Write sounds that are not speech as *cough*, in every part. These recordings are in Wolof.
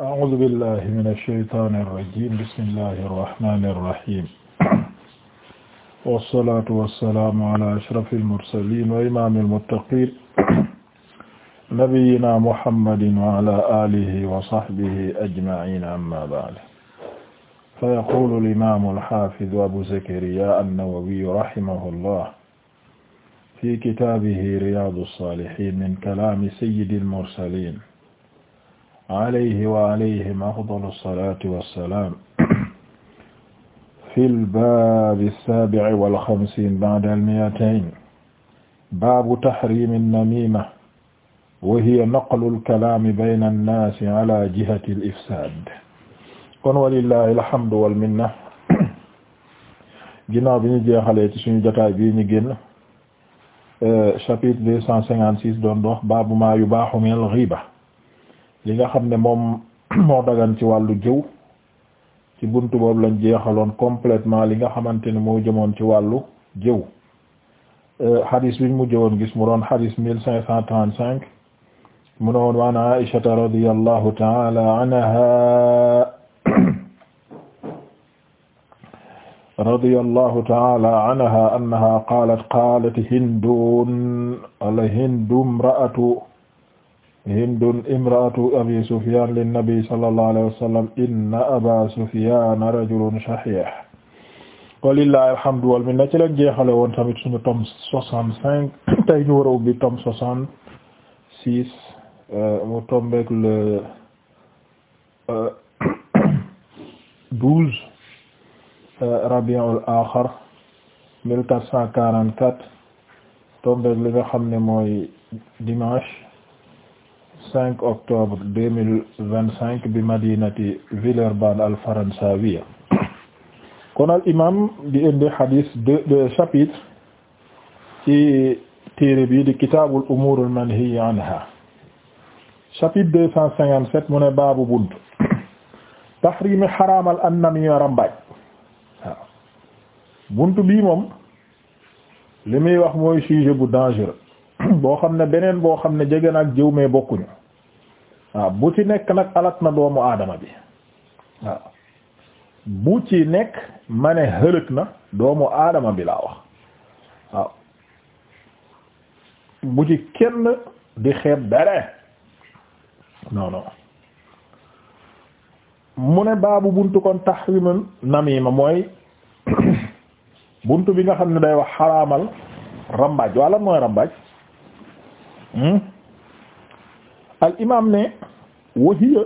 أعوذ بالله من الشيطان الرجيم بسم الله الرحمن الرحيم والصلاة والسلام على أشرف المرسلين وإمام المتقين نبينا محمد وعلى آله وصحبه أجمعين أما بعد فيقول الإمام الحافظ أبو زكريا النووي رحمه الله في كتابه رياض الصالحين من كلام سيد المرسلين alayhi wa alayhim afdalu salaati wa salaam fil baabi saabi'i wal xamsiin ba'dal mi'atayn baabu tahriimi namiima wa hiya naqlul kalaami bayna nnaasi alaa jihatil ifsaad. kon walillaahi alhamdu wal minna ginnaaw bi ñu jeexalee ci suñu jotaay bii ñu génn euh, chapitre deux cent cinquante six doon dox baabu maa yubaahu minal ghiiba li nga xam ne moom *clears throat* moo dagan ci wàllu jëw ci buntu boobu lañ jeexaloon completement li nga xamante ne moo jëmoon ci wàllu jëw euh, xadis mu jëwoon gis mu doon xadis mille cinq cent trente cinq mu ne woon waan aishata radiyallahu taala anha *clears throat* radiyallahu taala anha qaalat qaalat hindun hindu imra'atu hindun imra'atu abi sufyan linnabi sallallahu alayhi wa sallam inna aba sufyana alhamdu wal minna ci jeexale woon tamit suñu tome *coughs* ñu war a ubbi tome soixante-six euh, mu tombeek le euh, *coughs* douze euh, rabiul axir mille quatre nga xam ne mooy dimanche 5 octobre 2025 bi madinati Villeurbanne al-Faransawiya kon al imam di indi hadis de de chapitre ci téere bi di kitaabul umuuril manhiyyi anhaa chapitre 257 mu ne baabu bunt tahrimi xaraamal annamiya rambaaj waaw bunt bii moom li wax mooy sujet bu dangereux boo xam ne beneen boo xam ne jege na ak jëw mais bokkuñu waaw bu ci nekk nag alat na doomu aadama bi waaw bu ci ne hëlëg na doomu aadama bi laa wax waaw bu ci kenn di xeeb dara non mu ne baabu bunt kon tahrimun namima mooy *coughs* buntu bi nga xam ne day wax xaraamal rambaaj walla mooy rambaaj Hmm? al imaam ne wahiya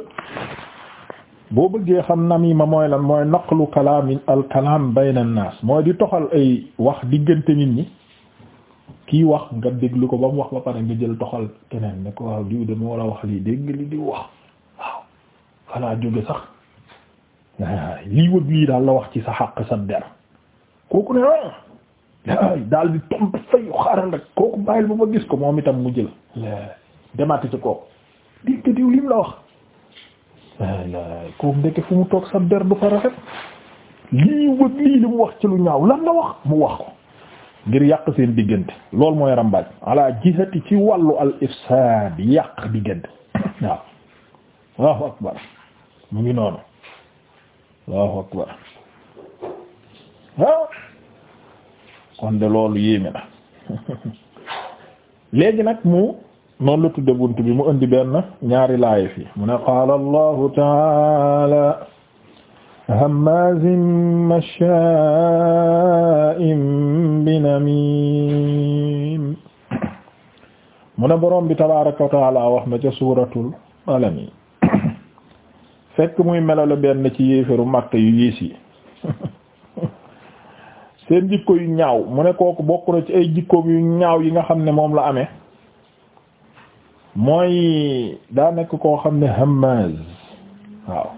boo bëggee xam namima mooy lan mooy naqlu kalaamin al kalaam bayna an naas mooy di toxal ay wax diggante nit ñi kii wax nga déglu ko ba mu wax ba pare nga jël toxal keneen ne ko waaw diw de moo la wax lii dégg li di wax waaw falaa jóge sax lii wëgg lii daal la wax ci sa xaq sa der kooku ne ah, *coughs* daal di tontu fayu xaaral rek kooku bàyyil ba ma gis ko moom itam mu jël demati ci kooku dégg diw lim la wax kooku ndeke fu mu toog sa der du fa rafet lii wëg lii li mu wax ci lu ñaaw lan la wax mu wax ko ngir yàq seen diggante loolu mooy rambaaj ala jihati ci wàllu al ifsaad yàq diggante *coughs* waaw allahu akbar mu ngi noonu allahu akbar waaw kon de loolu yéeme na léegi nag mu noonu la tudde bunt bi mu indi benn ñaari laaya fi mu ne qaala allahu taala hammazin masha'in binamim mu ne borom bi tabaraka wa taala wax na ca suuratul alami fekk muy melale benn ci yéeferu Makka yu yiis yi *laughs* seen jikko yu ñaaw mu ne kooku bokk na ci ay jikkoom yu ñaaw yi nga xam ne moom la amee mooy daa nekk koo xam ne hammaz waaw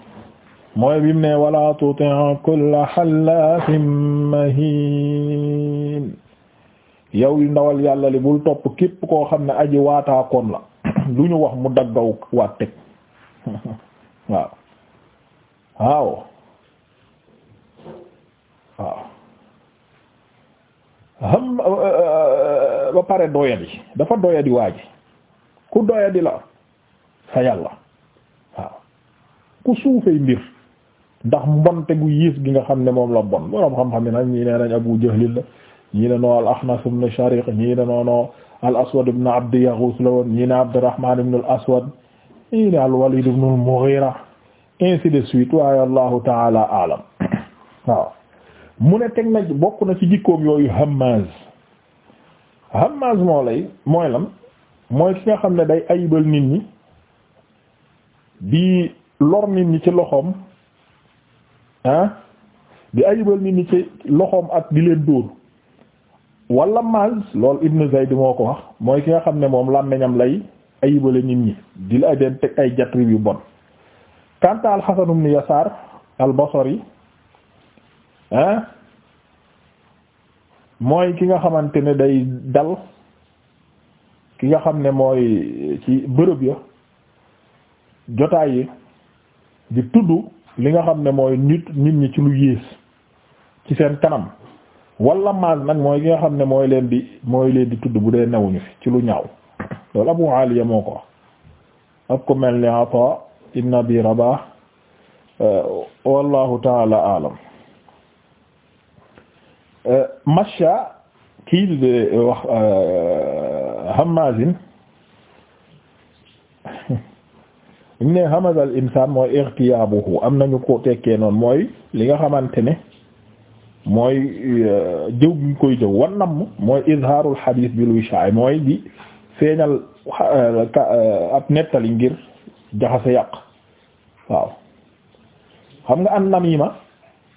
mooy bi mu ne wala tuti' kulla hallafin mahin yow yu ndawal yàlla li bul topp képp koo xam ne aji waataakoon la *coughs* lu ñu wax mu daggaw waat teg *laughs* waaw waaw xam euh, euh, euh, ba pare doyadi dafa doyadi waa ji ku doyadi la sa yàlla waaw ku suufee mbir ndax mbonte gu yiis gi nga xam ne moom la bon boroom xam-xam ne nag ñii nee nañ Abu Jahlil la ñii ne noo al Ahnas ibn Shariq ñii ne noono al Aswad ibn Abd la woon ñii ne Abdurrahman ibn al Aswad ñii ne al Walid ibn al Mughira ainsi de suite waaye allahu taala alam *coughs* waaw mu ne teg na bokk na ci jikkoom yooyu hamaz hamaz moo lay mooy lan mooy ki nga xam ne day ayibal nit ñi di lor nit ñi ci loxoom ah di ayibal nit ñi ci loxoom ak di leen dóor wala lool loolu Ibn Zayd moo ko wax mooy ki nga xam ne moom làmmiñam lay ayibale nit ñi di la ay den teg ay jatri yu bon kanta al Hasan ibn Yasaar al Basri ah mooy ki nga xamante ne day dal ki nga xam ne mooy ci bërëb ya jotaay yi di tudd li nga xam ne mooy nit nit ñi ci lu yées ci seen kanam wala maas nag mooy ki nga xam ne mooy leen di mooy leen di tudd bu dee newuñu fi ci lu ñaaw loolu Abu Aliya moo ko wax ko mel ni Ata ibn Abi Rabah euh, wallahu taala alam Euh, masha kii di euh, wax euh, hamazin *laughs* ñu ne hamazal insan mooy irtiyabuhu am nañu ko tekkee noon mooy li nga xamante ne mooy jëw gi koy jëw wan namm mooy izharul hadith bil wisha'i mooy di feeñal ab nettali ngir jaxase yàq waaw xam nga an namima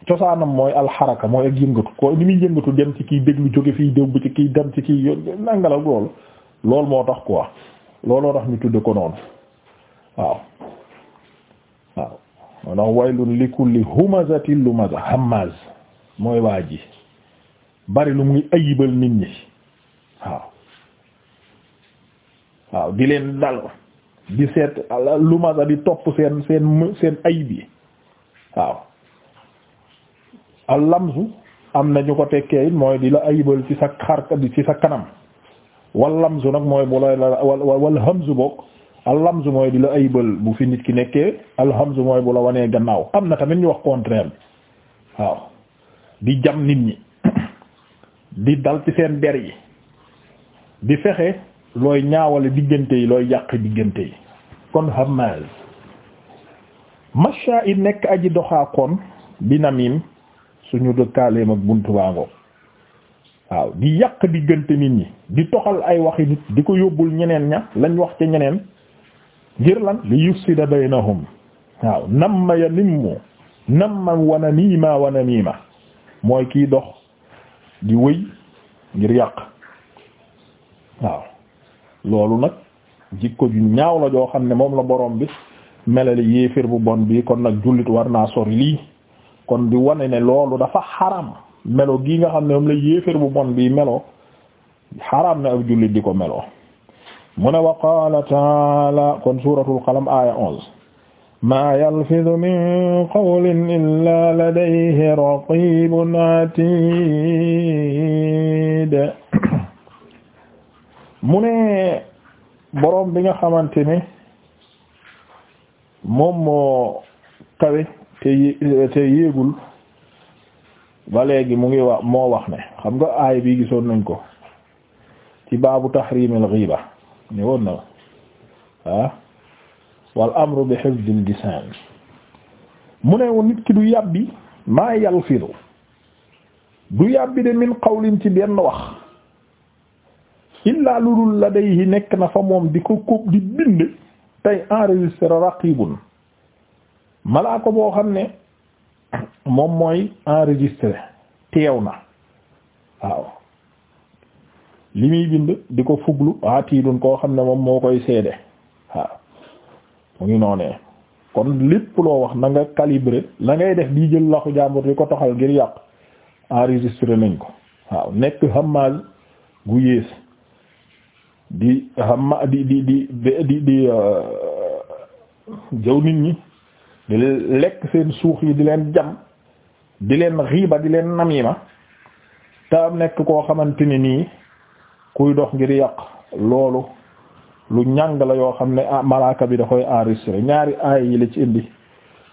cosaanam mooy alxaraka mooy ak yëngatu ko ni muy yëngatu dem ci kii déglu jóge fii déw ci kii dem ci kii nangalag loolu loolu moo tax quoi looloo tax ñu tudde ko noonu waaw waaw moo tax waylun li kulli humazatin lumaza hamaz mooy waa ji bari lu muy ayibal nit ñi waaw waaw di leen dal di seet lumaza di topp seen seen ayib yi waaw al lamzu am na ñu ko tekkee it mooy di la ayibal ci sa xar ci sa kanam wal lamzu nag mooy bu la la wal hamzu bokk al lamzu mooy di la ayibal bu fi nit ki nekkee al hamzu mooy bu la wanee gannaaw am na tamit ñu wax contraire bi waaw di jam nit ñi *coughs* di dal ci seen der yi di fexe looy ñaawale diggante yi looy yàq diggante yi kon hamaz masha it nekk aji doxaa kon suñu dëkkaaleem ak buntu baangoo waaw di yàq diggante nit ñi di toxal ay waxi nit di ko yóbbul ñeneen ña lañ wax ca ñeneen ngir lan li yufsida baynahum waaw nam ma ya nimmu nam ma wana niima mooy kiy dox di wëy ngir yàq waaw loolu nag jikko ju ñaaw la joo xam ne moom la borom bi melali yéefir bu bon bi kon nag jullit war naa sori lii kon di wane ne loolu dafa xaram melo gi nga xam ne moom la yéeféer bu bon bi melo xaram na ab jullit di ko melo mu ne wa qaala taala kon suuratul qalam aaya onze maa yalfidu min qawlin illaa ladayhi raqibun atiid mu ne bi nga xamante ne moom moo kawe te te yéegul ba léegi mu ngi wax moo wax ne xam nga aay bi gisoon nañ ko ci baabu tahrimil ghiba ne woon na ah wal amru bi hifdil lisaan mu ne woon nit ki du yàbbi maa yalfidu du yàbbi de min qawlin ci benn wax illaa ludul ladayhi nekk na fa moom di ko kóob di bind tey enregistré raqibun malaaka boo xam ne moom mooy enregistré teew na waaw li muy bind di ko fuglu atiidun koo xam ne moom moo koy seede waaw mu ngi noonee kon lépp loo wax na nga calibré la ngay def di jël laxu jàmbur di ko toxal ngir yàq enregistré nañ ko waaw nekk hammaz gu yées di hamma di di di di di euh, jëw nit ñi di lekk seen suux yi di leen jam di leen xiiba di leen namima te am nekk koo xamante ni nii kuy dox ngir yàq loolu lu ñàng la yoo xam ne ah, malaaka bi da koy enregistré ñaari aay yi la ci indi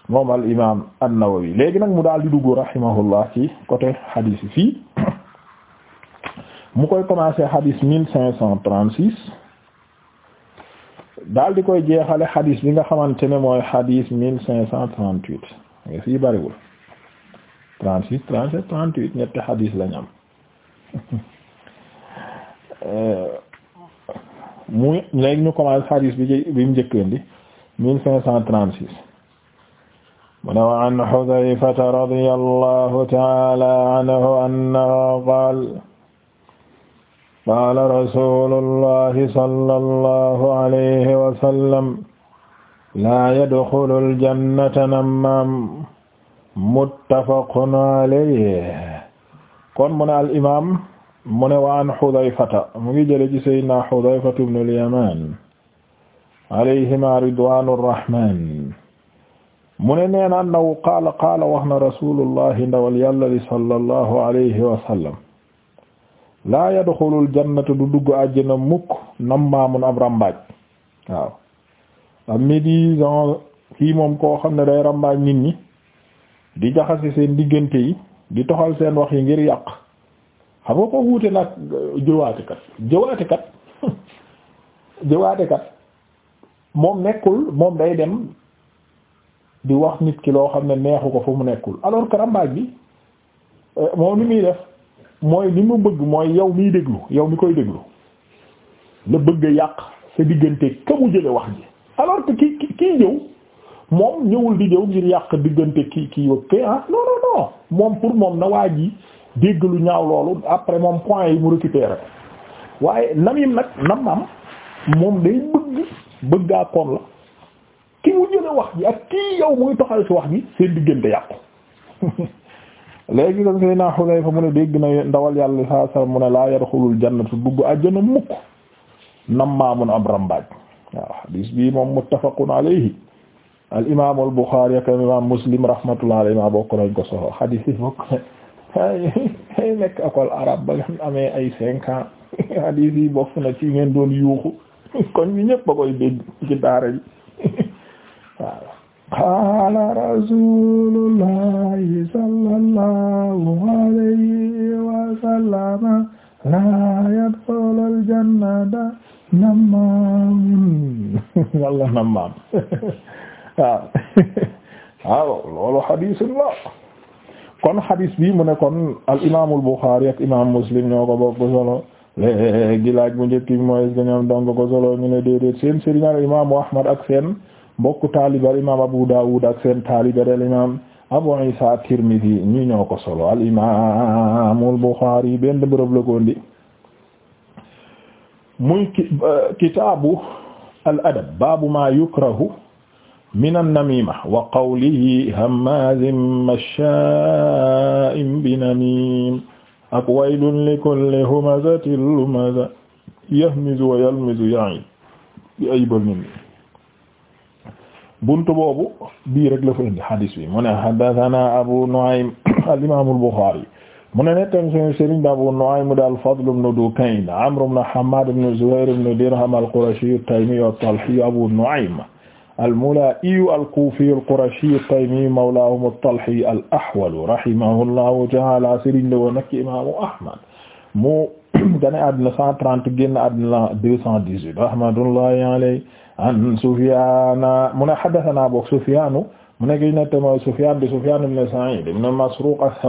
moom al imaam an-Nawawi léegi nag mu daal di dugg rahimahullah ci côté hadith yi fii *coughs* mu koy commencer hadith mille cinq cent daal di koy jeexale xadis bi nga xamante ne mooy xadis mille cinq cent trente huit nga fii xadis lañ am *laughs* muy léegi ñu commencé xadis bi bi mu njëkkandi mille cinq cent trente wa an Xudayfata radiyallahu ta'ala anhu annahu qaala qaala rasulullahi sallallahu alayhi wa sallam laa yadxulul jannata nammaam muttafaqun alayhi kon mu ne al imaam mu ne wa an Xudayfata mu ngi jële ci sayyidina Xudayfata ibnul Yamaan alayhima ridwaanur rahmaan mu ne nee na annahu qaala qaala wax na rasulullahi ndawal yàlla li sallallahu alayhi wa sallam laa yadxulul jannata du dugg àjjana mukk nammaamun ab rambaaj waaw am médisant kii moom koo xam ne day rambaaj nit ñi di jaxase seen diggante yi di toxal seen wax yi ngir yàq xam nga ko wuute nag jëwaatekat jëwaatekat *laughs* moom nekkul moom day dem di wax nit ki loo xam ne neexu ko fu mu nekkul alors que rambaaj bi euh, moom li muy def mooy li mu bëgg mooy yow miy déglu yow mi koy déglu la bëgg yàq sa diggante ka mu jële wax ji alors ki ki kii moom ñëwul di ñëw ngir yàq diggante ki kii wëg ke ah non non moom pour moom na waa ji dégg lu ñaaw loolu après moom point yi mu récupéré waaye namim nag namam moom day bëgg bëggaa koon la ki mu jële wax ji ak kii yow muy toxal ci wax ji seen diggante yàqu *laughs* léegi kon Seydina Xudayfa mu ne dégg na ndawal yàlla saa saa mu ne laa yadxulul jannatu dugg àjjana mukk nammaamun ab rambaaj waaw hadiis bii moom muttafaqun alayhi al imaam al Buxaari ak imaam Muslim rahmatullahi alayhi bokk nañ ko soxla hadiis yi bokk ay nekk école arabe ba nga amee ay cinq ans hadiis yi bokk na ci ngeen doon yuuxu kon ñu ñëpp ba koy dégg ci daara ji waaw qaala rasuulullahi sallallahu alayhi wa sallam laa yadxulul jannata nammaam walla nammaam waaw waaw loolu xadiis la kon xadiis bi mu ne kon al imaamul Buxaari ak imaam Muslim ñoo ko bokk solo léegi laaj bu njëkk bi mooy ñoom dong ko solo ñu ne déedéet seen sëriñ al imaamu Ahmad ak seen mbokku taalibe al imaam Abu Dawud ak seen taalibe al imaam Abu Isa at-Tirmidhi ñi ñoo ko solo al imaam al-Bukhari benn bërëb la ko indi muy euh, kitaabu al adab baabu maa yukrahu min an-namima wa qawlihi hammaazin mashshaa'in binamiim ak waylun likulli humazatin lumaza yahmizu wa yalmizu ya'iid buntu boobu bii rek la fa indi hadis bi mu ne haddathana Abu Nu'aym *coughs* al-Imam al-Bukhari mu ne nettan suñu sëriñ da Abu Nu'aym da al-Fadl ibn Dukayn Amr ibn Hammad ibn Zuhair ibn Dirham al-Qurashi at-Taymi at-Talhi Abu Nu'aym al-Mula'i al-Kufi al-Qurashi at-Taymi mawlahum at-Talhi al-Ahwal rahimahullahu ta'ala sëriñ la woon nag Imam Ahmad mu *coughs* gane àddina 130 génn àddina 218 rahmatullahi alayhi an Sufyaan mu ne haddasanaa boog Sufyaanu mu ne ki nettama Sufyaan di Sufyaan ibn Sa'iid ibn Masruuq as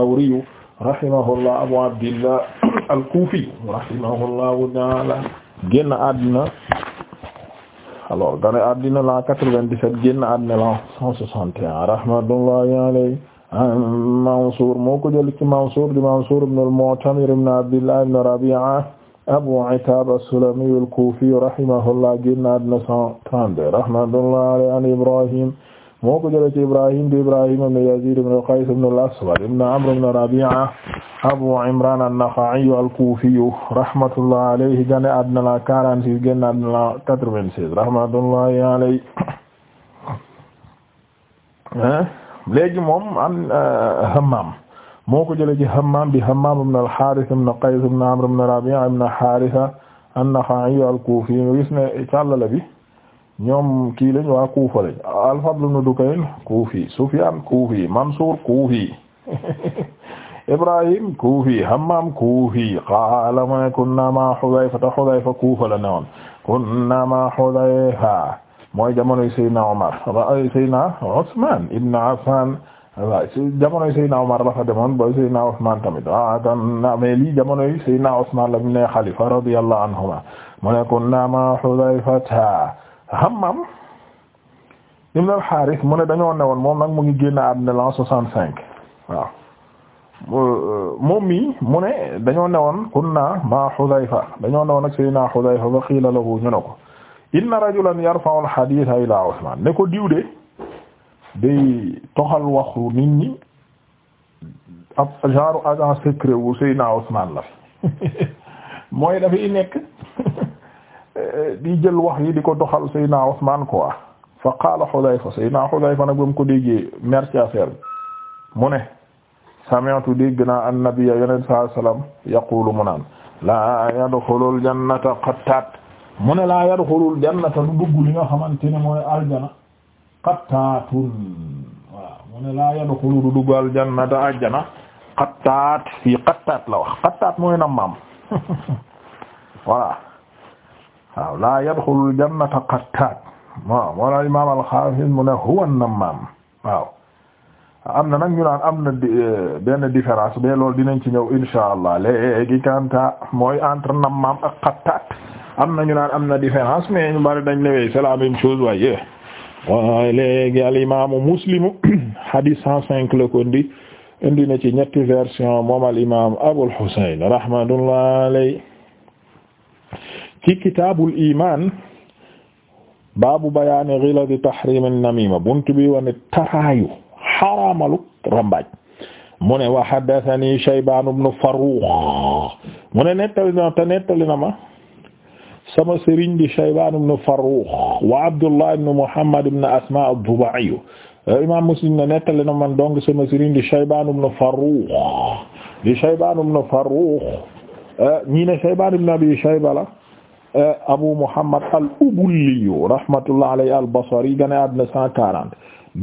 al-Kuufi rahimahullahu ta'aala génn àddina alors gane àddina la 97 génn àddina la 161 rahmatullahi alayhi Mansuur moo ko jël ci Mansuur di Mansuur ibn al-Mu'tamir ibn Abdillah ibn Rabi'a abu Attaab as-Sulami al-Kufi rahimahullah génnaat na cent trente rahmatullah alayhi an Ibrahim moo ko jëlee ci Ibrahim di Ibrahim ibn Yazid ibn Qays ibn al-Aswad ibn Amr ibn Rabi'a Abu Imran an-Nakha'i al-Kufi rahmatullah alayhi génn àddina la quarante-six génnaat na la quatre-vingt-seize rahmatullah alayhi léegi moom am euh, Hammam moo ko jëlee ci Hammaam bi Hammaam ibn al-Haaris ibn Qays ibn Amr ibn Rabi'a ibn Haarisa an-Nakha'i al-Kufi gis ne càllala bi ñoom kii lañ waa Kufa lañ al-Fadl ibn Dukayn Kufi Sufyaan Kufi Mansuur Kufi *laughs* Ibrahim Kufi Hammaam Kufi qaala mu ne kunna ma Hudayfa ta Hudayfa Kufa la newoon kunna ma Hudayfa mooy jamonoy Seydina Umar Seydina Usmaan ibn Affaan waaw si jamonoy Seydina Omar la fa demoon ba Seydina Ousmane tamit a ah, tan na mais lii jamonoy Seydina Ousmane la mu ne xalifa radiyallahu anhuma mu ne kunna ma Hudayfata Hammam ibn al-Harith mu ne dañoo newoon moom nag mu ngi génn àddina l'an soixante moom mi mu ne dañoo newoon kunna ma Hudayfa dañoo newoon ak Seydina Hudayfa fa qiila lahu ñu ne inna rajulan yarfa'u al-haditha ila Ousmane ne day toxal waxu nit ñi ab genre agent secret wu Seydina Ousmane la *laughs* mooy dafay nekk *laughs* di jël wax yi di ko doxal Seydina Ousmane quoi fa qaala Hudayfa Seydina Hudayfa nag ba mu ko déggee merci affaire bi mu ne sametu dégg naa annabiyya yonent sallallahu alayhi wasallam yaqulu mu naan laa yadxulul jannata qattaat mu ne laa yadxulul jannata lu dugg li nga xamante ne mooy aljana qattaatun waaw mu ne laa yadxulu du dugg aljannata ajjana qattaat fii qattaat la wax qattaat mooy nammaam *laughs* waaw laa yadxulu aljannata qattaat waaw moo la imaam al-Xaafiz mu ne huwa nammaam waaw am na nag ñu naan am na eh, benn différence mais loolu dinañ ci ñëw insha allah léegi kanta mooy entre nammaam ak qattaat am na ñu naan am na différence mais ñu bari dañ lewee c'est la même chose waaye waaye léegi al muslimu *clears throat* hadith cent cinq la ko indi indi na ci ñetti version moom al imaam baabu bayaani ghiladi tahrim an-namima buntu bi wane taraayu xaraamalu rambaaj mu ne wa haddathani Shaybaan ibn mu ne nettali na na ma sama sëriñ di Shaybaan ibn Farrukh wa Abdullah ibn Muhammad ibn Asmaa ad-Duba'i imaam Muslim ne nettali na man donc sama sëriñ di Shaybaan ibn Farrukh di Shaybaan ibn Farrukh ñii ne Shaybaan ibn Abi Shayba la Abu Muhammad al-Ubulli rahmatullah alayhi al-Basri gane àddina 140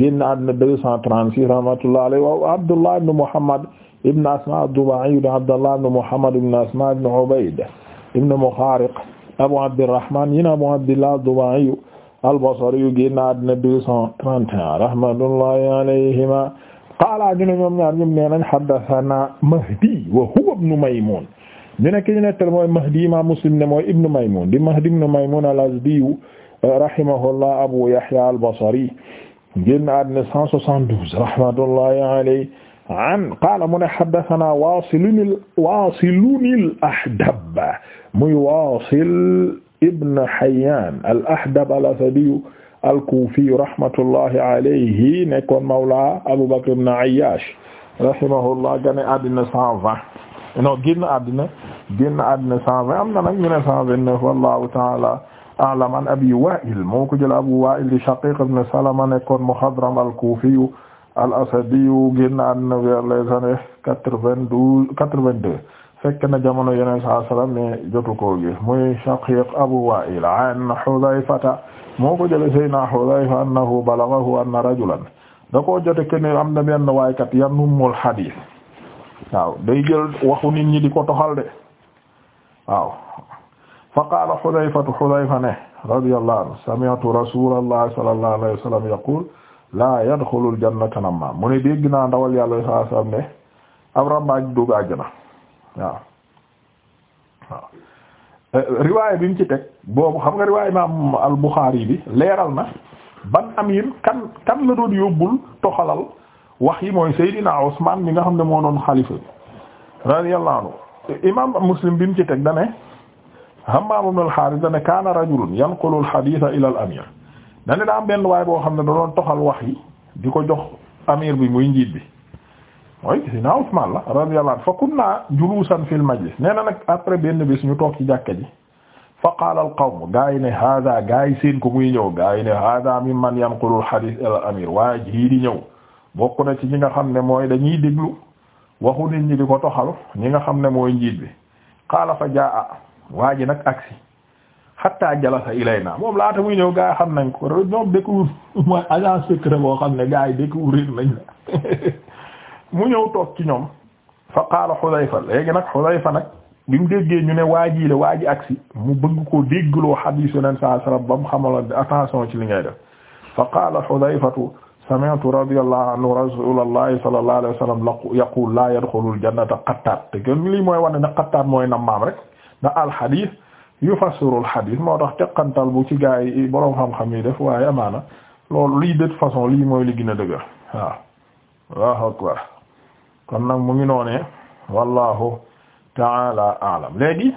génn àddina 236 rahmatullah alayhi wa Abdullah ibn Muhammad ibn Asmaa ad-Duba'i Abdullah ibn Muhammad ibn Asmaa ibn Ubayd ibn Mukhariq Abu Abdirrahman yi Abu Abdillah ad-Duba'i al-Basri yu génn àddina deux cent trente et un rahmatullahi alayhima qaala ñu ne ñoom ñaar ñoom nee nañ haddathana Mahdi wa huwa ibn Maymun ñu ne ki ñu nettal mooy Mahdi imam Muslim ne mooy ibn Maymun di Mahdi ibn Maymun al-Azdi rahimahullah Abu Yahya al-Basri génn àddina cent soixante-douze rahmatullahi alayhi an qaala mu ne haddathana Waasilun al-Waasilun al-Ahdab mu Waasil ibn Hayyan al-Ahdab al-Asadi al-Kufi rahmatullahi alayhi nekkoon mawla Abu Bakr ibn Ayyash rahimahullah gane àddina 120 non génn àddina génn àddina 120 am na nag ñu ne 129 wallahu ta'ala a'lam an Abi Wa'il moo ko jël Abu Wa'il di Shaqiq ibn Salama nekkoon mukhadram al-Kufi al-Asadi génn àddina vers les années 92 fekk na jamono yeneen saa salaam mais jotu koo gis muy Shaqiq Abu Wa'il an Hudhayfata moo ko jëlee Seydina Hudhayfa annahu balaghahu anna rajulan da koo jote que ne am na benn waaykat yanummul hadith waaw day jël waxu nit ñi di ko toxal de waaw. Fa qaala Hudhayfatu Hudhayfa ne radiyallahu anhu sami'tu rasulallahi sallallahu alayhi wa sallam yaqul la yadkhulul jannata nammaam mu ne dégg naa ndawal yàlla sallallahu alayhi wa sallam ne ab rambaaj dugg àjjana. waaw waaw euh, bi mu ci teg boobu xam nga riwaay imaam al Buxaari bi leeral na ban amir kan kan la doon yóbbul toxalal wax yi mooy Seydina Usmaan mi nga xam ne moo doon xalifa bi radiyallahu anhu imaam Muslim bi mu ci teg da ne Hammaam ibn al-Haaris da ne kaana rajulun yanqulu al-hadiisa ila al-amir da ne am benn waay boo xam ne da doon toxal wax yi di ko jox amir bi muy njiit bi mooy Seydina Usmaan la radiyallahu fa kunna juluusan fil majlis nee na nag après benn bés ñu toog ci jàkka ji fa qaala al qawm yi ne hada gaa yi seen ko muy ñëw gaa yi ne hada mimman yanqulu al hadith ila al amir waa jii di ñëw bokk na ci ñi nga xam ne mooy dañuy déglu waxu nit ñi di ko toxal ñi nga xam ne mooy njiit bi qaala fa jaa waa ji nag aksi hatta jalasa naa moom laata muy ñëw gaa yi xam nañ ko ñoom découvrir mooy agent secret boo xam ne gaa yi découvrir la *laughs* mu ñëw toog ci ñoom fa qaala Xudayfa léegi nag Xudayfa nag bi mu déggee ñu ne waa ji la waa ji agsi mu bëgg koo déggloo xadiis Yonent sallallahu alayhi wasallam ba mu xamaloon attention ci li ngay def fa qaala Xudayfatu sami'tu radiyallahu anhu rasulallahi sallallahu alayhi wasallam yaqul la yadxulul jannata qattaat te kon lii mooy wane ne qattaat mooy nammaam rek ndax al-xadiis yufassirul xadiis moo tax teqantal bu ci gaa yi boroom xam-xam yi def waaye amaana loolu lii de façon lii mooy li gën a dëgër waaw waaw kon nag mu ngi noonee wallahu taala alam léegi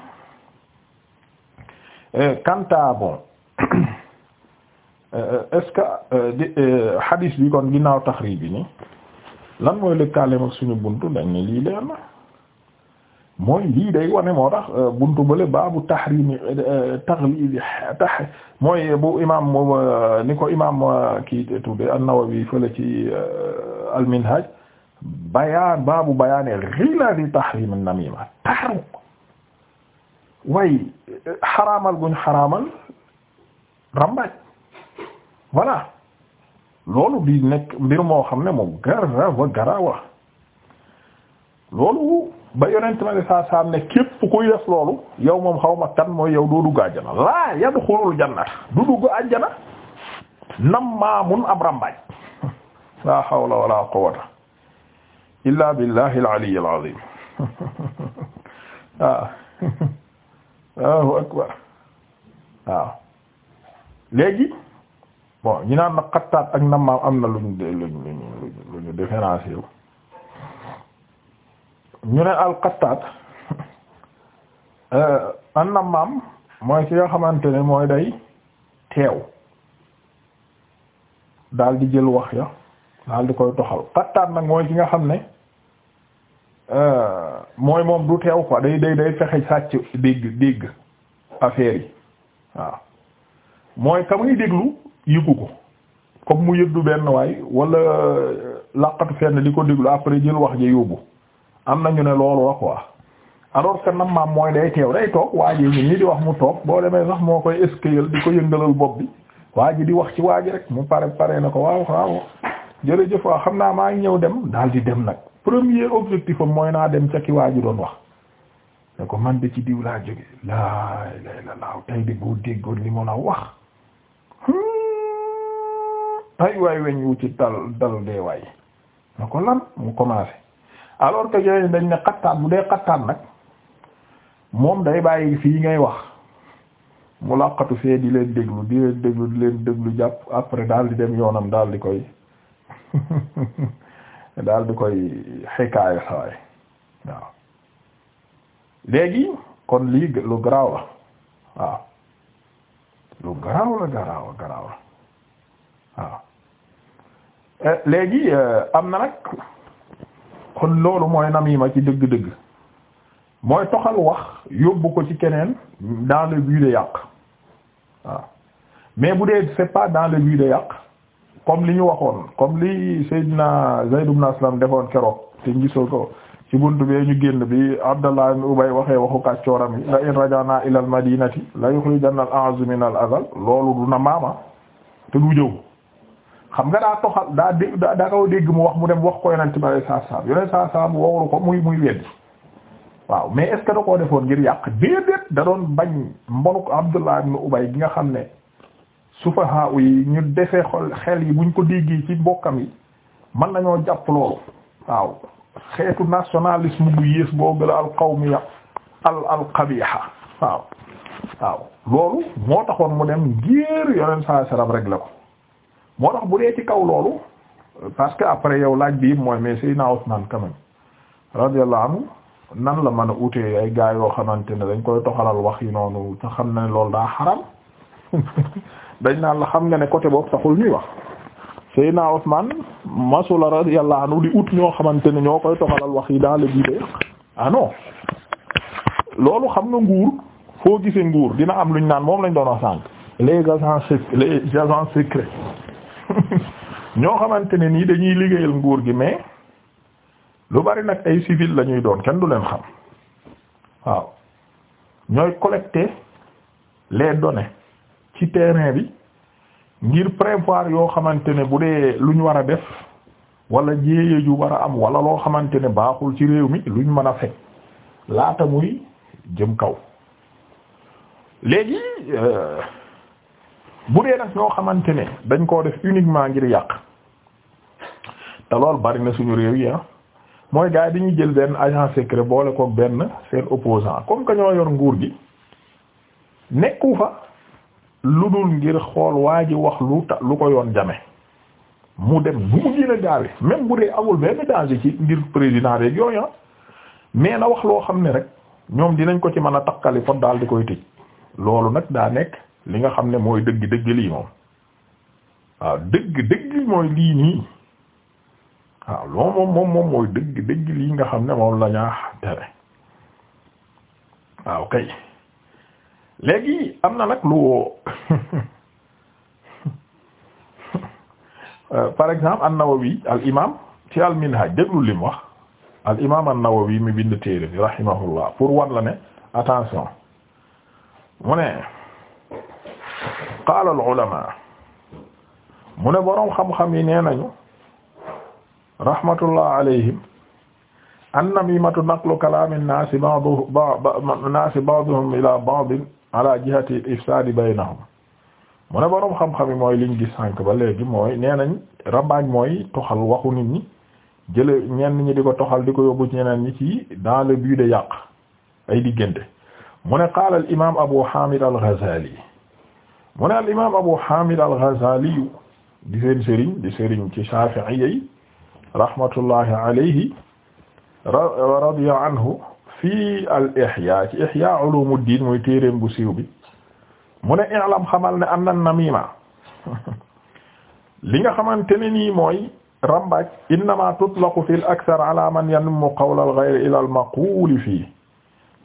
kanta eh, bon *coughs* eh, est-ce que eh, hadis bi kon ginnaaw taxrij bi ni lan mooy lëkkaaleem ak suñu buntu dañ ne lii leer na mooy lii day wane moo tax buntu bële baabu tax taxlidi tax mooy bu imam ni ko imam kii tudde an-Nawawi fële ci al-Minhaj bayaan baabu bayaane ghiladi tahrim namima taxaru waaye xaraamal guñ xaraamal rambaaj voilà loolu di nekk mbir moo xam ne moom garaawa loolu ba ma ne saa ne képp kuy loolu yow moom xaw ma kan mooy yow doo dugg àjjana laa yadxulul jannata du dugg àjjana nammaamun ab rambaaj laa *laughs* hawla wala quwwata illa billahi al-ali al-azim waaw léegi bon ñu naan na xattaat ak nammaam am na lu luñ luñ luñu différencier ñu ne al xattaat *laughs* euh, an nammaam mooy ki nga xamante ne mooy day teew daal di jël wax ya daal di koy toxal xattaan nag mooy ki nga xam ne euh, mooy moom du teew quoi day day day fexe sàcc dégg dégg affaire yi waaw mooy ka muy déglu yëgu ko comme mu yëddu benn waay wala euh, laqatu fenn di ko déglu après jël wax ji yóbbu am nañu ne loolu wax quoi alors que nam maam mooy day teew day toog waa ji ngi nii di wax mu toog boo demee sax moo koy eskayal di ko yëngalal bopp bi waa ji di wax ci waa rek mu pare pare na ko waaw waaw jërëjëf waaw xam naa maa ngi ñëw dem daal di dem nag premier objectif am mooy naa dem ca ki waa ji doon wax ne ko man de ci diw laa jóge laa ilaaha illallaah tey de boo déggoon li mu la wax hmm. ay waay weñ wu ci dal dal dee waay na ko lan mu commencé alors que yooyu dañ ne xattaan bu dee xattaan nag moom day bàyyi fii ngay wax mu làqatu fee di leen déglu di leen déglu di leen déglu jàpp après daal di dem yoonam daal di koy *laughs* daal di koy xikaayu sawaay waaw léegi kon lii lu garaaw la waaw lu garaaw la garaaw la waaw eh, léegi eh, am na nag kon loolu mooy namima ci dëgg-dëgg mooy toxal wax yóbbu ko ci keneen dans le but de yàq waaw mais bu dee c'est dans le but de yàq comme li ñu waxoon comme li Seydina Zayd ibn Aslam defoon keroog te gisoo ko ci buntu bee ñu génn bi Abdallah ibn Ubay waxee waxu kàccooram yi la in rajana ila al madinati la yukhrijanna al a'zu min al azal loolu du na maama te du jëw xam nga daa toxal daa dé kaw dégg mu wax mu dem wax ko yonent bi sallallahu alayhi wasallam yonent sallallahu alayhi wasallam wowlu ko muy muy weddi waaw mais est defoon ngir yàq déedéet da doon bañ mbonuk Abdullah Ubay gi nga xam ne sufaha yi ñu defee xol xel yi buñ ko déggee ci bokkam yi mën nañoo jàpp loolu waaw xeetu nationalisme bu yées boobu la al qawmiya al al qabiha waaw waaw loolu moo taxoon mu dem ngir yoneen saa salaam rek la ko moo tax bu dee ci kaw loolu parce que après yow laaj bi mooy mais Seydina Usman quand même radiyallahu anhu nan la mën a utee ay gaa yoo xamante ne dañ koy toxalal wax yi noonu te xam na ne loolu daa xaram *laughs* dañ naan la xam nga ne côté boobu taxul ñuy wax Seydina Ousmane masula radiyallahu anhu di ut ñoo xamante ne ñoo koy toxalal wax yi dans le biir ah loolu xam nga nguur foo gisee nguur dina am luñ naan moom lañ doon a sànq les agents secrets les agents secrets *laughs* ñoo xamante ne nii dañuy liggéeyal nguur gi mais lu bari nag ay civil la ñuy doon kenn du leen xam waaw ñooy collecter les données ci terrain bi ngir prévoir yoo xamante ne bu dee lu ñu war a def wala jéeye ju war a am wala loo xamante ne baaxul ci réew mi luñ mën a fekk laata muy jëm kaw léegi euh, bu dee nag ñoo xamante ne dañ koo def uniquement ngir yàq te lool bari na suñu réew yi ah, mooy gars yi dañuy jël benn agent secret boole ko benn seen opposant comme que ñoo yor nguur gi nekku fa lu dul ngir xool waa ji wax lu ta lu ko yoon jame mu dem bu mu gën a gaawe même bu dee amul benn danger ci ngir président rek yooyu ah. mais na wax loo xam ne rek ñoom dinañ ko ci mën a takkali kon daal di koy tëj loolu nag daa nekk li nga xam ne mooy dëgg dëgg lii moom waaw dëgg dëgg mooy lii moom moom moom mooy dëgg dëgg lii nga xam ne moom la ñaa tere waaw kay léegi am na nag lu *laughs* euh, par exemple an-Nawawi al imam ci al minhaj déglu lim wax al imam an-Nawawi mi bind téere bi rahimahullah pour wan la ne attention mu ne qaala al ulama mu ne boroom xam-xam yi nee nañu rahmatullah alayhim an-namimatu naqlu kalaami nnaasi ba'duhum nnaasi ba'duhum ila ba'din ala jihati ifsadi baynahum mu ne boroom xam-xam yi mooy liñ gis sànq ba léegi mooy nee nañ rambaaj mooy toxal waxu nit ñi jële ñi di ko toxal di ko yóbbu ñi ci dans le but de yàq ay diggante mu ne qaala al imam abu hamid al ghazali mu ne al imam abu hamid al ghazali di seen sëriñ di sëriñ ci shafi'i yi rahmatullahi alayhi radiya anhu fii al ihya ci ihya ulumuddin mooy téereem bu siw bi mu ne i'lam xamal ne anna namima *laughs* li nga xamante ne nii mooy rambaaj innama tutlaqu fil akthar ala man yanmu qawla al ila al maqul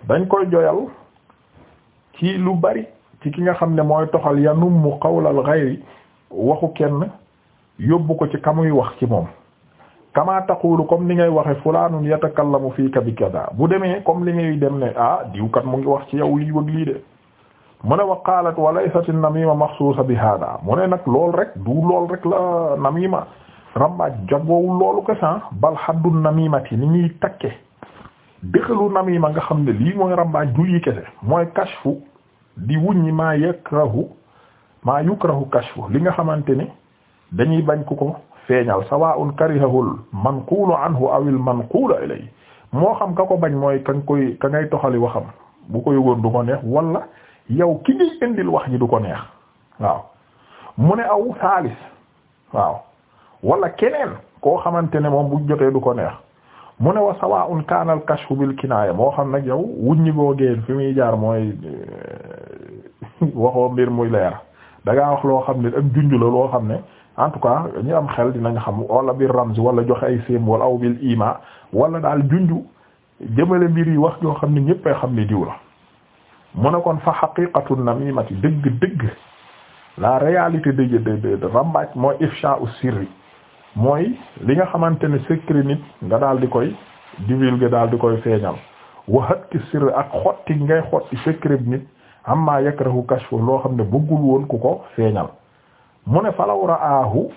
dañ koy joyal ci lu bari ci ki nga xam ne mooy toxal yanmu qawla al waxu kenn yóbbu ko ci kamuy wax ci moom kama taqulu comme ni ngay waxe fulaanun yatakallamu fiika bi kada bu demee comme li ngay dem ne ah kat moo ngi wax ci yow lii wëg lii de mu ne wa qalat wa laysat namima maxsuusa bi hada mu ne nag lool rek du lool rek la namima rambaaj jagoowul loolu kesan ah, bal haddu namimati ni ñuy takke dëxalu namima nga xam ne lii mooy rambaaj du kese mooy kashfu di wuññi maa yakrahu maa yukrahu kashfu li nga xamante ni dañuy bañ ku ko feeñal sawaa'un karihahul manquulu anhu awil manquula ilay moo xam ka ko bañ mooy ka nga koy ka ngay toxali waxam bu ko yëgoon du ko neex wala yow ki ngay indil wax ji du ko neex waaw mu ne aw saalis waaw wala keneen koo xamante ne moom bu jotee du ko neex mu ne wax sawaa'un kaana al kashfu bil kinaaya moo xam nag yow wuññi boo génn fi muy jaar mooy euh, *laughs* waxoo mbir muy leer da wax loo xam ne ak junj loo xam ne en tout cas ñu am xel dinañ xam wala bir ramz wala joxe ay séem aw bil ima wala daal junju jëmale mbir yi wax yoo xam ne ñëpp ay xam ne diw la mu ne kon fa xaqiqatu namimati dëgg dëgg la réalité de de de rambaaj mooy ifsha u sirri mooy li nga xamante ne secret nit nga daal di koy divulguer daal di koy feeñal waxat ki sirri ak xotti ngay xotti secret nit amma yakrahu kashfu loo xam ne bëggul woon ku ko feeñal mu ne falaw ra'aahu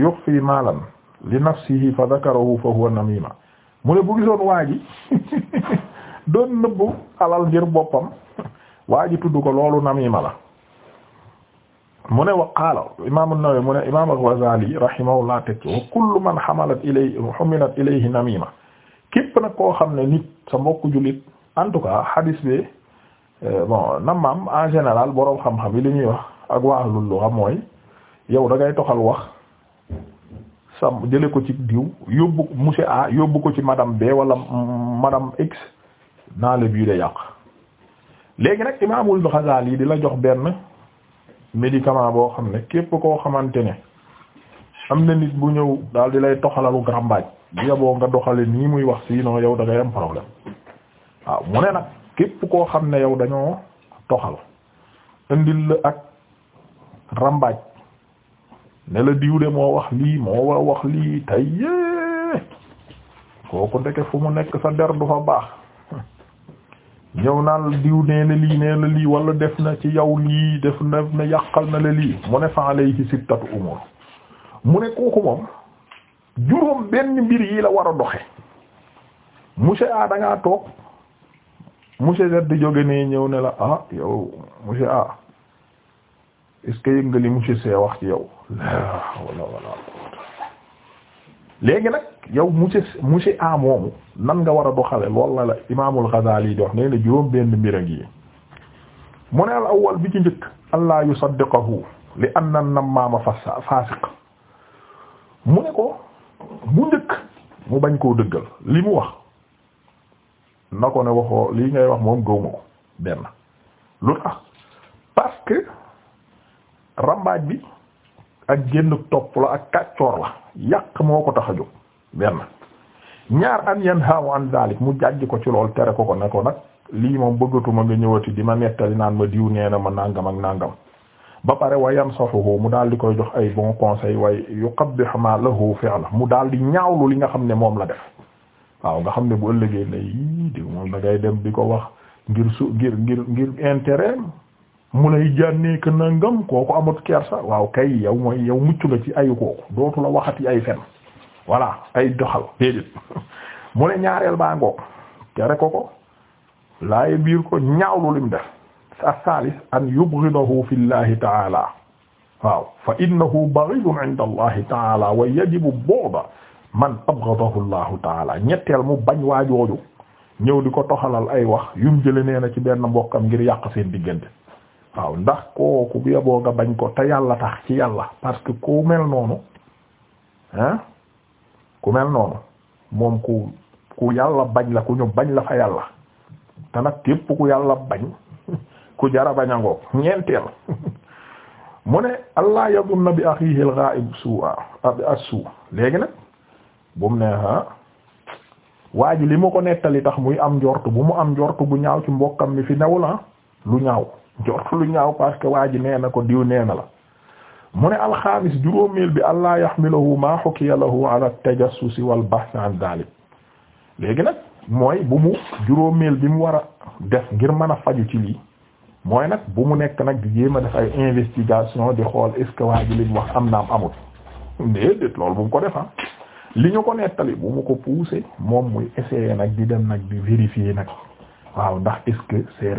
yuxfi maalan li nafsihi fa dakarahu fa huwa namima mu ne bu gisoon waa ji *laughs* doon nëbbu alal ngir boppam waa ji tudd ko loolu namima la mu ne wa qaala imam an-Nawawi mu ne imam al-Ghazali rahimahullah teg wa kullu man hamalat ilay humilat ilayhi namima képp nag koo xam ne nit sa mbokku jullit en tout cas hadis bi eh, bon namam en général boroom xam-xam yi li ñuy wax ak waaxlul lu xam mooy yow da ngay toxal wax sam jële ko ci diw yóbbu monsieur A yóbbu ko ci madame B wala madame X naa le but de yàq léegi nag imaamul Ghazali yi di la jox benn médicament boo xam ne képp koo xamante ne am na nit bu ñëw daal di lay toxalalu grambaaj yaboo nga doxale nii muy wax sinon yow da ngay am problème waaw mu ne nag képp koo xam ne yow dañoo toxal indil la ak rambaaj ne la de moo wax lii moo war wax lii tey kooku ndeke fu mu nekk sa der du fa baax ñëw naan diw nee na lii nee na lii wala def na ci yow lii def na yàqal na la lii mu ne fa alayhi sittatu umur mu ne kooku moom juróom benn mbir yi la war a doxe monsieur A da toog monsieur Z di jóge ne ñëw ne la ah yow monsieur A. est-ce yëg nga li monsieur see wax ci yow léegi nag yow monsieur monsieur a moomu nan nga war a doxale lool la la imaamul Ghazali di wax nee na juróom benn mbir a ngi mu ne al awwal bi ci njëkk allah yusaddiqahu li anna nammaama fas faasiq mu ne ko mu njëkk mu bañ koo dëggal li mu wax na ko ne waxoo lii ngay wax moom gëwma ko benn lu tax parce rambaaj bi ak génn topp la ak kàccoor la yàq moo ko tax a jóg benn ñaar an yan haawu an dalik mu jàjj ko ci lool tere ko ko ne ko nag lii moom bëggatuma nga ñëwati di ma nettali naan ma diw nee na ma nàngam ak nangam ba pare wa yansahuhu mu daal di koy jox ay bon conseil way yuqabbih ma lahu fi'la mu daal di ñaawlu li nga xam ne moom la def waaw nga xam ne bu ëllëgee ne yii diw moom da ngay dem di ko wax ngir su ngir ngir ngir mu lay jànnee que nangam kooku amut kersa waaw kay yow mooy yow mucc ci ayu kooku dootu la waxati ay fen voilà ay doxal déedéet *laughs* mu ne ñaareel baa ngoog tere ko ko laaye biir ko ñaawlu lim def sa salis an yubghidahu fi llahi taala waaw fa innahu baghidun inda allahi taala wa yajibu bughda man abghadahu llahu taala ñetteel mu bañ waajooju ñëw di ko toxalal ay wax yum jële nee na ci benn mbokkam ngir yàq seen diggante waaw ndax kooku bi yaboo nga bañ ko te yàlla tax ci yàlla parce que ku mel noonu ku mel noonu moom ku ku yàlla bañ la ku ñu bañ la fa yàlla te nag képp ku yàlla bañ ku jara bañ a ngoog ñeenteel *laughs* mu ne allah yadunna bi akhihi al-ghaib su'a as-su léegi nag bu mu ne waa ji li mu ko nettali tax muy am njort bu mu am njort bu ñaaw ci mbokkam mi fi newul lu ñaaw jort lu ñaaw parce que waa ji nee na ko diw nee na la mu ne alxaamis juróomeel bi allah yaxmilahu maa xukiya lahu ala tajassusi wal bahth an dalik léegi nag mooy bu mu juróomeel bi mu war a def ngir mën a faju ci lii mooy nag bu mu nekk nag di jéem a def ay investigation di xool est-ce que waa ji li mu wax am naam amut déedéet loolu bu mu ko defa ah. li ñu ko nettali bu mu ko pousser moom muy essayer nag di dem nag di vérifier nag waaw ndax est-ce que c'est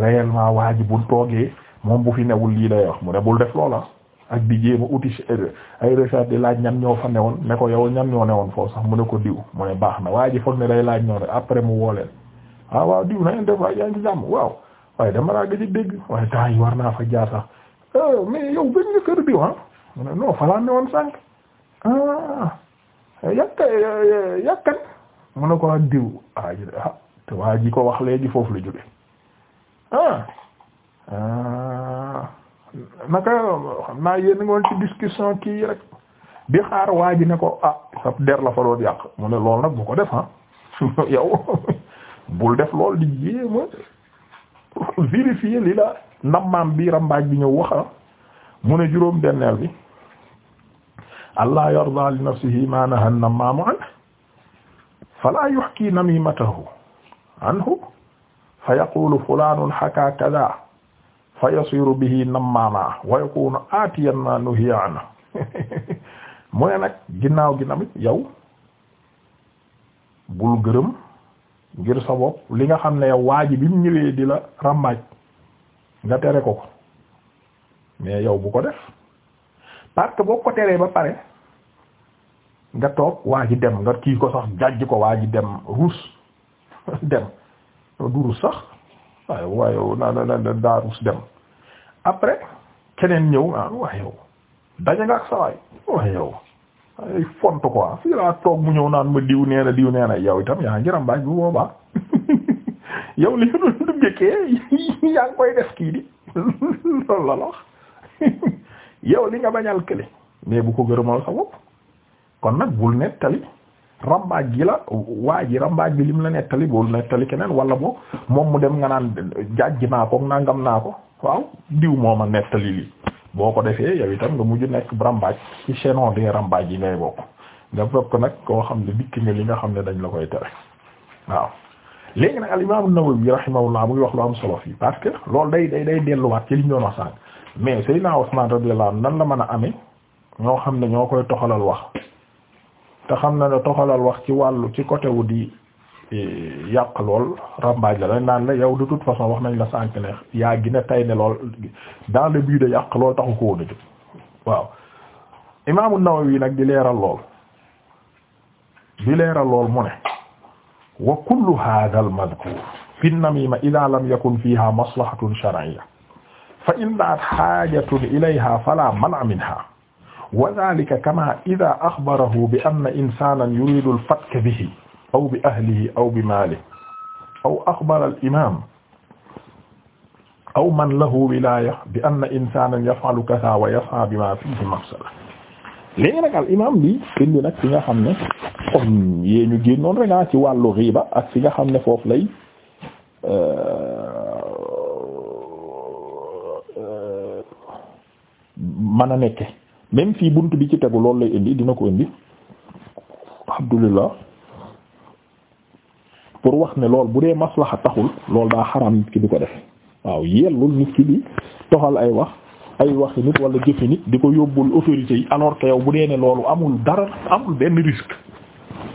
waa ji bu toogee moom bu fi newul lii lay wax mu ne bul def loola ak di jéema uti euh, ay recherche di laaj ñan ñoo fa newoon ne ko yow ñan ñoo newoon foofu sax mu ne ko diw mu ne baax na waa ji foog ne day laaj ñoo ne après mu woo leen ah waaw diw na ngeen def waaye waaw waaye dama laa gëj a dégg waaye temps war naa fa jaar sax eh, mais yow bëgg nga kër diw ah mu ne non falaa newoon sànq ah yakka yakkan mu ne ko ak ah, diw ah waa ji ko wax léegi foofu la jóge ah, ah. naka naa yéen ngoon ci discussion kii rek di xaar waa ne ko ah sa der la fa doon yàq mu ne loolu nag bu ko def ah *laughs* yow bul def lool di jéema vérifier li la nammaam bi rambaaj bi ñëw waxa ah. mu ne juróom benneel bi allah yarda li nafsihi ma naha an-nammaam an fala yuhki namimatahu anhu fa yaqulu fulanun haka kada fa yasiru bihi nammaama wa yakunu atiyan ma nuhiya anhu *laughs* mu ne nag ginnaaw gi tamit yow bul gërëm ngir sa bopp li nga xam ne yow waa ji bi mu ñëwee di la ràmmaaj nga tere ko ko mais yow bu ko def parce boo ko teree ba pare nga toog waa ji dem nga kii ko sax jàjj ko waa dem ruus *laughs* dem durus sax waaye waaye na na na daarus dem keneen ñëw ah waaye yow daje waaye yow ay font fii laa toog mu ñëw naan ma diw nee na diw nee na yow itam yaa ngi rambaaj bu boobaa *laughs* yow li ñu doon njëkkee *laughs* yaa ngi koy def kii di loolu la wax yow li nga bañal kële mais bu ko gërëmal sa bopp kon nag bul nettali rambaaj gi la waa ji rambaaj bi lim la nettali boolu nettali keneen wala bo moom mu dem nga naan jàjj naa ko nangam naa ko waaw diw mooma nettali lii boo ko defee yow itam nga mujj nekk rambaaj ci chaînon des rambaaj yi ngay bokk nga fekk nag koo xam ne dikk nga li nga xam ne dañ la koy tere waaw léegi nag al imam an-Nawawi rahimahullah mu ngi wax lu am loolu day day day delluwaat ci li ñu wax sànq mais Seydina Usman radiyallahu anhu nan la mën a amee ñoo xam ne ñoo koy toxalal wax te xam na ne toxalal wax ci wàllu ci côté wu di e, yàq lool rambaaj la dañ naan la yow de toute façon wax nañ la sànk ne yaa gina tay ne lool dans le but de yàq lool taxu ko woon a jóg waaw imaamu Nawawi nag di leeral lool di leeral lool mu ne wa kullu hadha al madhkur fi an-namima idha lam yakun fiha maslahatun shar'iyya fa in da'at hajatun ilayha fala man'a minha wa zalika kama ida axbarahu bi anna insanan yuridu al-fatk bihi aw bi ahlihi aw bi maalihi aw axbara al-imam aw man lahu wilaaya bi anna insanan yaf'alu kaza wa yas'a bima fihi mafsada léegi nag al imam bi indi nag fi nga xam ne comme yée ñu génnoon rek ah ci wàllu riba ak fi nga xam ne foofu lay euh, euh, mën a nekke même fii bunt bi ci tegu loolu lay indi dina ko indi alhamdulillah pour wax ne lool bu dee maslaxa taxul loolu daa xaram nit ki di ko def waaw yellul nit ki di toxal ay wax ay waxi nit wala jëfi nit di ko yóbbul autorités yi alors que yow bu dee ne loolu amul dara amul benn risque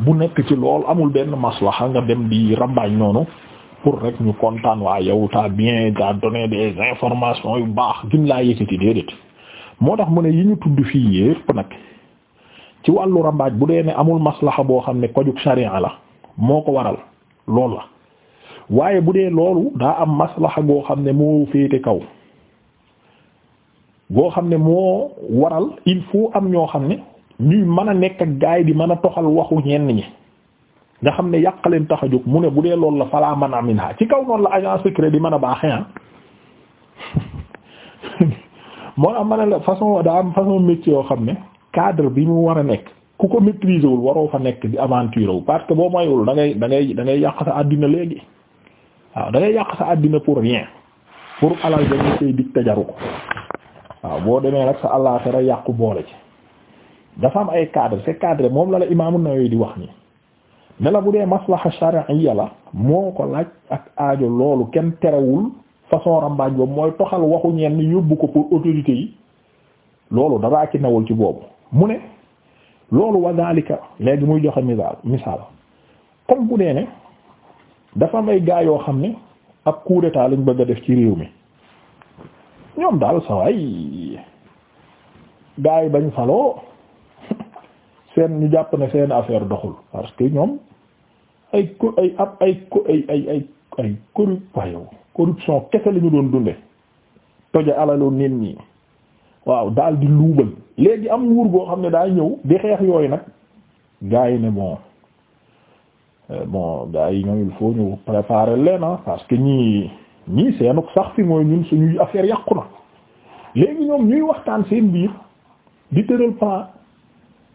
bu nekk ci lool amul benn maslaxa nga dem di rambaañ noonu pour rek ñu kontaan waa yow t'as bien t'as donné des informations yu baax gin laa yëkkati déedéet moo tax mu ne yi ñu tudd fii yépp nag ci wàllu rambaaj bu dee ne amul maslaxa boo xam ne kojug sharian la moo ko waral loolu la waaye bu dee loolu daa am maslaxa goo xam ne moo féete kaw goo xam ne moo waral il faut am ñoo xam ne ñuy mën a nekk ak gaay di mën a toxal waxu ñenn ñi nga xam ne yàq leen tax a jóg mu ne bu dee loolu la falaa man amin ha ci kaw noonu la agent secret di mën a baaxee ah. moo am man la façon daa am façon métier yoo xam ne cadre bi mu war a nekk ku ko maîtriser wul waroo fa nekk di aventure wu parce que boo moywul da ngay da ngay da yàq sa àddina léegi waaw da yàq sa àddina pour rien pour alal dañu koy dig te ko waaw boo demee rek sa àllaxira yàqu boole ci dafa am ay cadre ces cadre moom la la imaamu Nawawi di wax nii ne la bu dee maslaha shar'iyya la moo ko laaj ak aajo loolu kenn terewul façon rambaaj boobu mooy toxal waxu ñenn yóbbu ko pour autorité yi loolu daraa ci newul ci boobu mu ne loolu wa zalika léegi muy joxe misaal misaal comme bu dee ne dafa may gaa yoo xam ne ab coup d'état lañ bëgg a def ci réew mi ñoom daal saway gaa yi bañ faloo seen ñu jàpp ne seen affaire doxul parce que ñoom ay ko ay ay ay ay ay ay koru corruption kese lañu doon dunde toje alalo nit ñi waaw daal di luubal léegi am nguur goo xam ne daa ñëw di xeex yooyu nag gaa yi ne bon euh, bon gars yi ñoom il faut ñu préparer leen ah parce que ñii ñii seenuk sax fi mooy ñun suñuy affaire yàqu na léegi ñoom ñuy waxtaan seen biir di tëral plan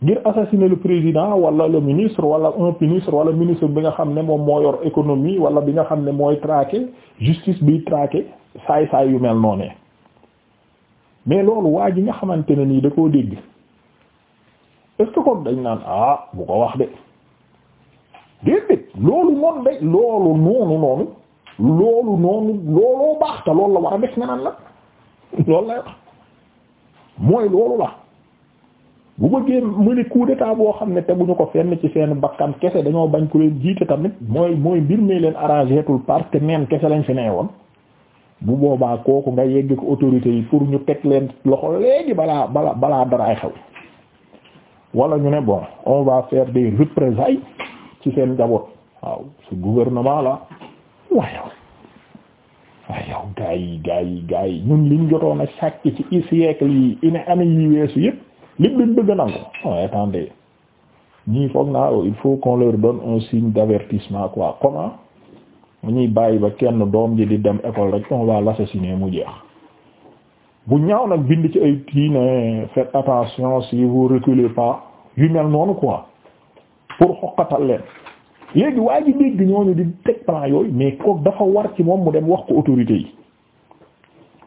ngir assassiner le président wala le ministre wala un ministre wala ministre bi nga xam ne moom moo économie wala bi nga xam ne mooy traquer justice biy traquer saay saay yu mel noonee mais loolu waa ji nga xamante ne nii da koo dégg est ko dañ naan ah bu ko wax de déedéet loolu noonu de loolu noonu noonu loolu noonu looloo baax loolu la war a def nga naan la loolu la mooy loolu la. bu bëggee mu ne coup d'état boo xam ne teguñu ko fenn ci seen bakkan kese dañoo bañ ku leen jiite tamit mooy mooy mbir mi leen arrangé tul parce que neen kese lañ fi nee woon bu boobaa kooku nga yegg ko autorité yi pour ñu teg leen loxo léegi balaa balaa balaa ay xew wala ñu ne bon on va faire des représailles ci seen njaboot waaw su gouvernement la waayow waayow gaa yi gaa yi gaa yi ñun jotoon a sàcc ci siècle yi ina année yi weesu yëpp nit duñ bëgg a nangu non attendez ñii foog naa oh, il faut qu'on leur donne un signe d'avertissement quoi comment ñuy bàyyi ba kenn doom ji di dem école rek on va l'assassiner mu jeex bu ñaaw nag bind ci ay kii ne faites attention si vous reculez pas yu mel noonu quoi pour xoqatal leen léegi waa ji dégg ñooñu di teg plan yooyu mais kook dafa war ci moom mu dem wax ko autorité yi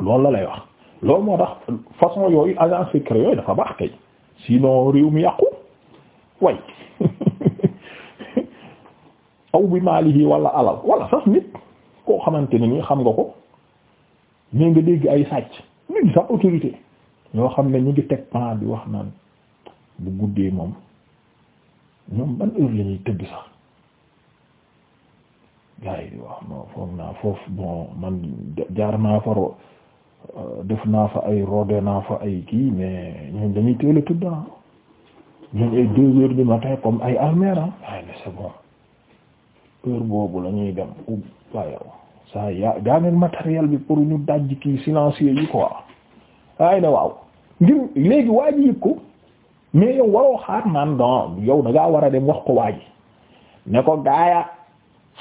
loolu la lay wax loolu moo tax façon yooyu agent secret yooyu dafa baax kay sinon réew mu yàqu way *laughs* aw bi maalihi wala alal wala sax nit koo xamante ni nii xam nga ko mais nga dégg ay sàcc ñu ngi sax autorité ñoo xam ne ñu ngi teg plan bi wax naan bu guddee moom ñoom ban heure la ñuy sax gars yi di wax non foog naa foofu bon man jaar naa faro Euh, def naa fa ay rodé naa fa ay kii mais ñun dañuy teel a ah. ñun ay deux heures du matin comme ay almer waaye ah. ah, mais c'est bon heure boobu la ñuy dem ub waaye saa yaa gaa ngeen matériel bi pour ñu daj kii silencieux yi quoi ay na waaw ngir léegi waaj yëg ko mais yow waroo xaar naan non yow da ngaa war a dem wax ko waaj ne ko gaaya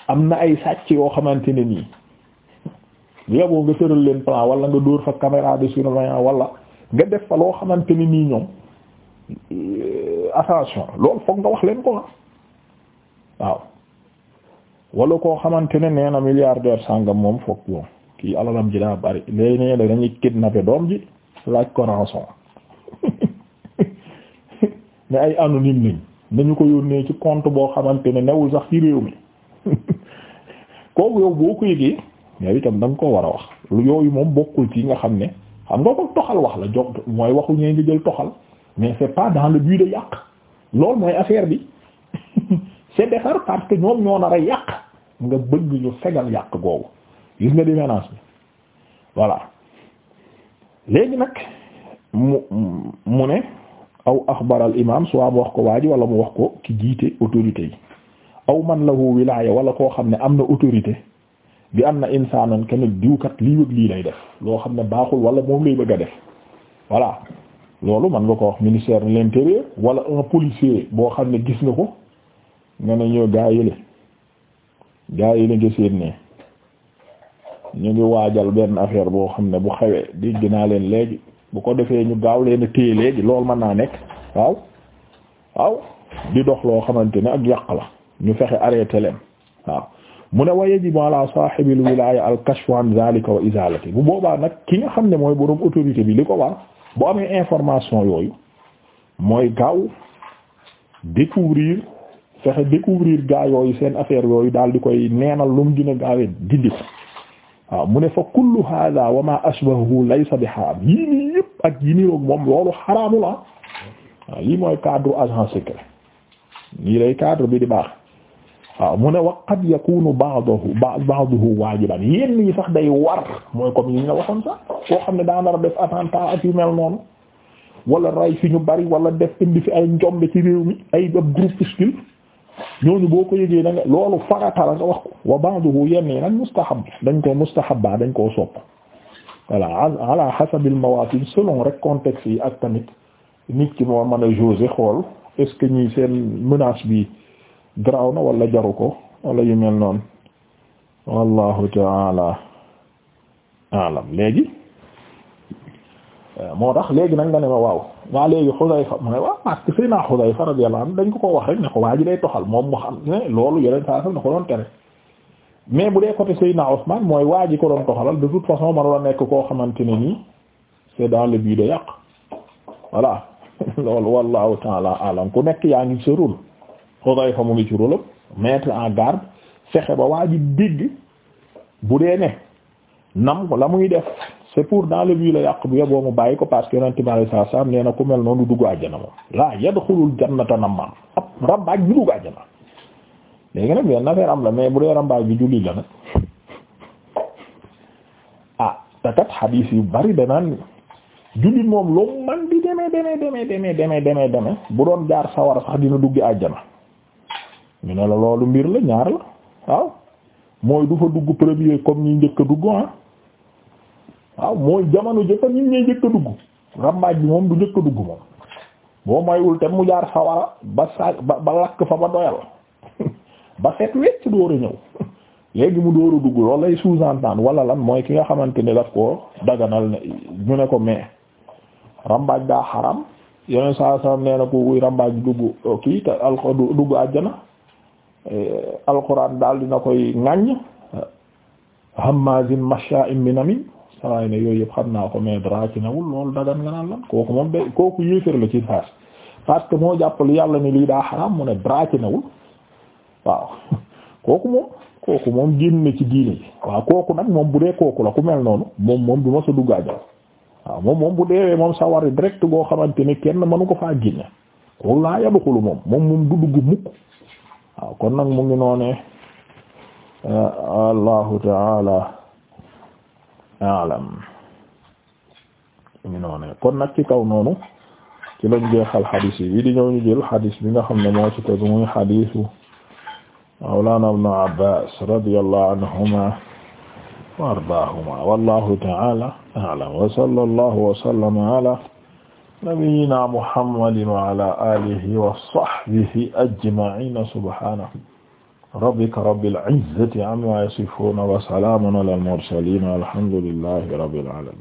am na ay sàcc yoo xamante ne nii. yow boo nga tëral leen plan wala nga dóor fa caméra de surveillance wala nga def fa loo xamante ni nii ñoom euh, attention loolu foog nga wax leen ko waaw wala koo xamante ne nee na milliardaire moom foog moom kii alalam ji daa bari léegi nee na dañuy kidnappé doom ji laaj ko rançon *laughs* ne ay anonyme lañ nañu ko yónnee ci compte boo xamante ne newul sax ci réew mi *laughs* kooku yow boo ko yëgee yow itam danga ko war a wax lu yooyu moom bokkul ci nga xam ne xam nga ko toxal wax la jox mooy waxu ñee nga jël toxal mais c'est pas dans le but de yàq loolu mooy affaire bi *laughs* c'est defar parce que ñoom ñoo nar a yàq nga bëgg ñu fegal yàq googu gis nga différence bi voilà léegi nag mu mu ne aw axbar al imam soit mu wax ko waa ji wala mu wax ko ki jiite autorité yi aw man la woo wilaya wala koo xam ne am na autorité bi am na insaanan kenn diwkat lii wëg lii lay def loo xam ne baaxul wala moom lay bëgg a def voilà loolu man nga ko wax ministère de l'intérieur wala un policier boo xam ne gis nga ko nga ne ñoo gaa yële gaa yi nga seen ne ñu ngi waajal benn affaire boo xam ne bu xewee dégg naa leen léegi bu ko defee ñu gaaw leen a téye léegi loolu mën naa nekk waaw waaw di dox loo xamante ne ak yàq la ñu fexe arrêté leen waaw mu ne wa yajibu ala sahibil wilaya al kashfu an zalika wa izalati bu boobaa nag ki nga xam ne mooy boroom autorité bi li ko wa bu amee information yooyu mooy gaaw découvrir fexe découvrir gaa yooyu seen affaire yooyu daal di koy neenal lu mu dina gaawee dindi mu ne fa kullu hada wa ma ashbahu laysa bi haram yii nii ak yi niroog moom loolu xaraamu la ah. lii mooy cadre agent secret lii lay cadre bi di baax waaw mu ne wa qad yakunu ba'dahu ba'dahu waajiban yenn yi sax day war mooy comme yi nga waxoon sax koo xam ne daa nar a def attentat ak yu mel noonu wala ray fi ñu bari wala def indi fi ay njombe ci réew mi ay ab groupuscule ñooñu boo ko yëgee na nga loolu farata la nga wax ko wa ba'dahu yenn yi nag mustahab dañ koo mustahabba dañ koo sopp voilà ala hasabil mawaatin selon rek contexte yi ak tamit nit ki moo mën a jauger xool est-ce que ñi seen menace bi garaaw na wala jaru ko wala yu mel noonu wallahu taala alam léegi eh, moo tax léegi nag nga ne ma waaw waa léegi Xudayfa mu ne waaw parce que Seydina Xudayfa radiyallahu anhu dañ ko ko wax rek ne ko waa ji day toxal moom mu xam ne loolu yeneen saa sax na ko doon tere mais bu dee côté Seydina Ousmane mooy waa ji ko doon toxalal de toute façon man la nekk koo xamante ne nii c'est dans le but de yàq voilà *laughs* loolu wallahu taala alam ku nekk yaa ngi sa Xudayfa mu ngi ci rôle mettre en garde sexe ba waa ji dégg bu dee ne nam la muy def c'est pour dans le but la yàq bu yeboo mu bàyyi ko parce que yonent bi sallallahu alayhi wasallam nee na ku mel noonu du dugg àjjana moom laa yadxulul jannata nammaam ab rambaaj bi dugg àjjana léegi nag benn affaire am la mais bu dee rambaaj bi julli la nag *laughs* ah te xadiis yu bari danaan jullit moom loo man di demee demee demee demee demee demee bu doon jaar sawara sax dina dugg àjjana ñu ne la loolu mbir la ñaar la waaw mooy du fa dugg premier comme ni njëkk a dugg ah waaw mooy jamono jëfa ñun a dugg rambaaj bi moom du njëkk a dugg moom boo maywul te mu jaar sawara ba sa ba lakk fa ba doyal *laughs* ba set wecc door a ñëw *laughs* léegi mu door a dugg loolu lay sous-entendre wala lan mooy ki nga xamante ni la ko daganal ne ñu ne ko mais rambaaj daa xaram yeneen saa saa nee na ko wuy rambaaj dugg kii te alko dugg àjjana Eh, alquran daal dina koy ŋaññ hammazin masha'in binamin sawaay ne yooyu yëpp xam naa ko mais dara ci newul loolu dagan nga naan lan kooku moom day kooku yéeféer la ci saas parce que moo jàppal yàlla ni lii daa xaraam mu ne dara ci newul waaw *laughs* kooku moom kooku moom génn ci diine ji waaw kooku nag moom bu dee kooku la ku mel noonu moom moom du ma sa dugg àjjal waaw moom moom bu deewee moom sa wari direct goo xamante ni kenn mënu ko faa génne walla yaduxulu moom moom kon nag mu ngi noonee allahu taala alam kon nag ci kaw noonu ci lañ jeexal xadiis yi bii di ñëw ñu jël xadiis bi nga xam ne moo ci tegu muy xadiisu mawlana ibnu abbaas radiyallahu anhuma wa ardaahuma wallahu taala alam wa sallallahu wa sallama ala nabiyina muhammadin wa ala alihi wa sahbihi ajma'in subhanahu rabbika rabbil izzati amma yasifun wa salamun alal mursalin walhamdulillahi rabbil alamin